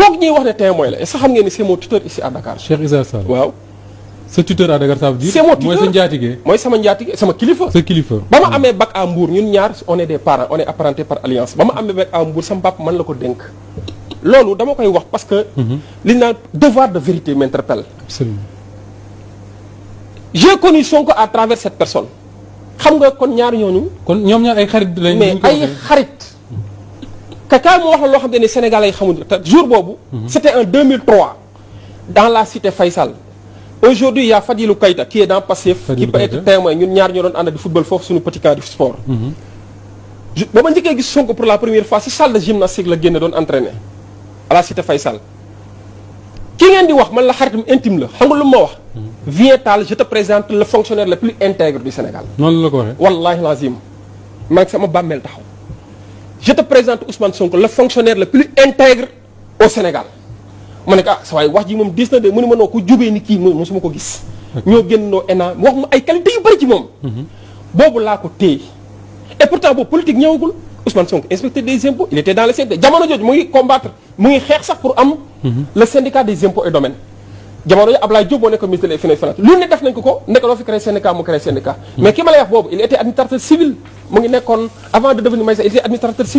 kooku ñuy wax des témoin la est-ce que xam ngeen ni c'est mon tuteur ici à Dakar. Cheikh Issa Sall waaw. ce tuteur à Dakar ça veut dire. c'est mon tuteur mooy sa njaatige. mooy sama njaatige sama kilifa. ce kilifa bama ma bac à Mbour ñun ñaar on est des parents on est apparentés par alliance bama ma bac à Mbour sama papa man la ko denk lolu dama koy wax parce que. Mhm. li na devoir de vérité m'interpelle. absolument. j'ai connu Sonko à travers cette personne. xam nga kon ñaar ñooñu. kon ñom ñaar ay xarit lañ. mais ay xarit. Quand wax loo xam Sénégalais yi jour mhm. en 2003 dans la cité Faisal. aujourd'hui il y' a Fadilou Keita qui est dans le Passif. qui peut être témoin ñun ñaar ñoo doon ànd football foofu suñu petit camp du sport. Mhm. Je me dis que Sonko pour la première fois la salle de gymnastique la génne doon entraîner à la cité Faysal. ki ngeen di wax man la intime Je xam nga lu mhm. Viens je te présente le fonctionnaire le plus intègre du Sénégal. Non, la ko waxee. wallaahi lazim suis ngi sama bàmmeel je te présente Ousmane Sonko le fonctionnaire le plus intègre au Sénégal Mon égard, ko ah sa waay wax ji 19 de mu ne ma noo ko jubee ni kii mosuma ko gis ñoo génnoo ENA wax ma ay qualité yu la ci moom mhm. boobu laa ko téye et pourtant boobu politique ñëwagul Ousmane Sonko inspecteur des impôts il était dans le secteur jamono jooju mu combattre mu ngi pour am mhm. le syndicat des impôts et domaines jamono ji Ablaye Diop moo nekk ministre des finances finances lu ne def nañ ko ko nekk doo fi créé syndicat mu créé syndicat hmm. mais ki ma lay wax boobu il était administrateur civil mu ngi nekkoon avant de devenir magistrat il était administrateur civil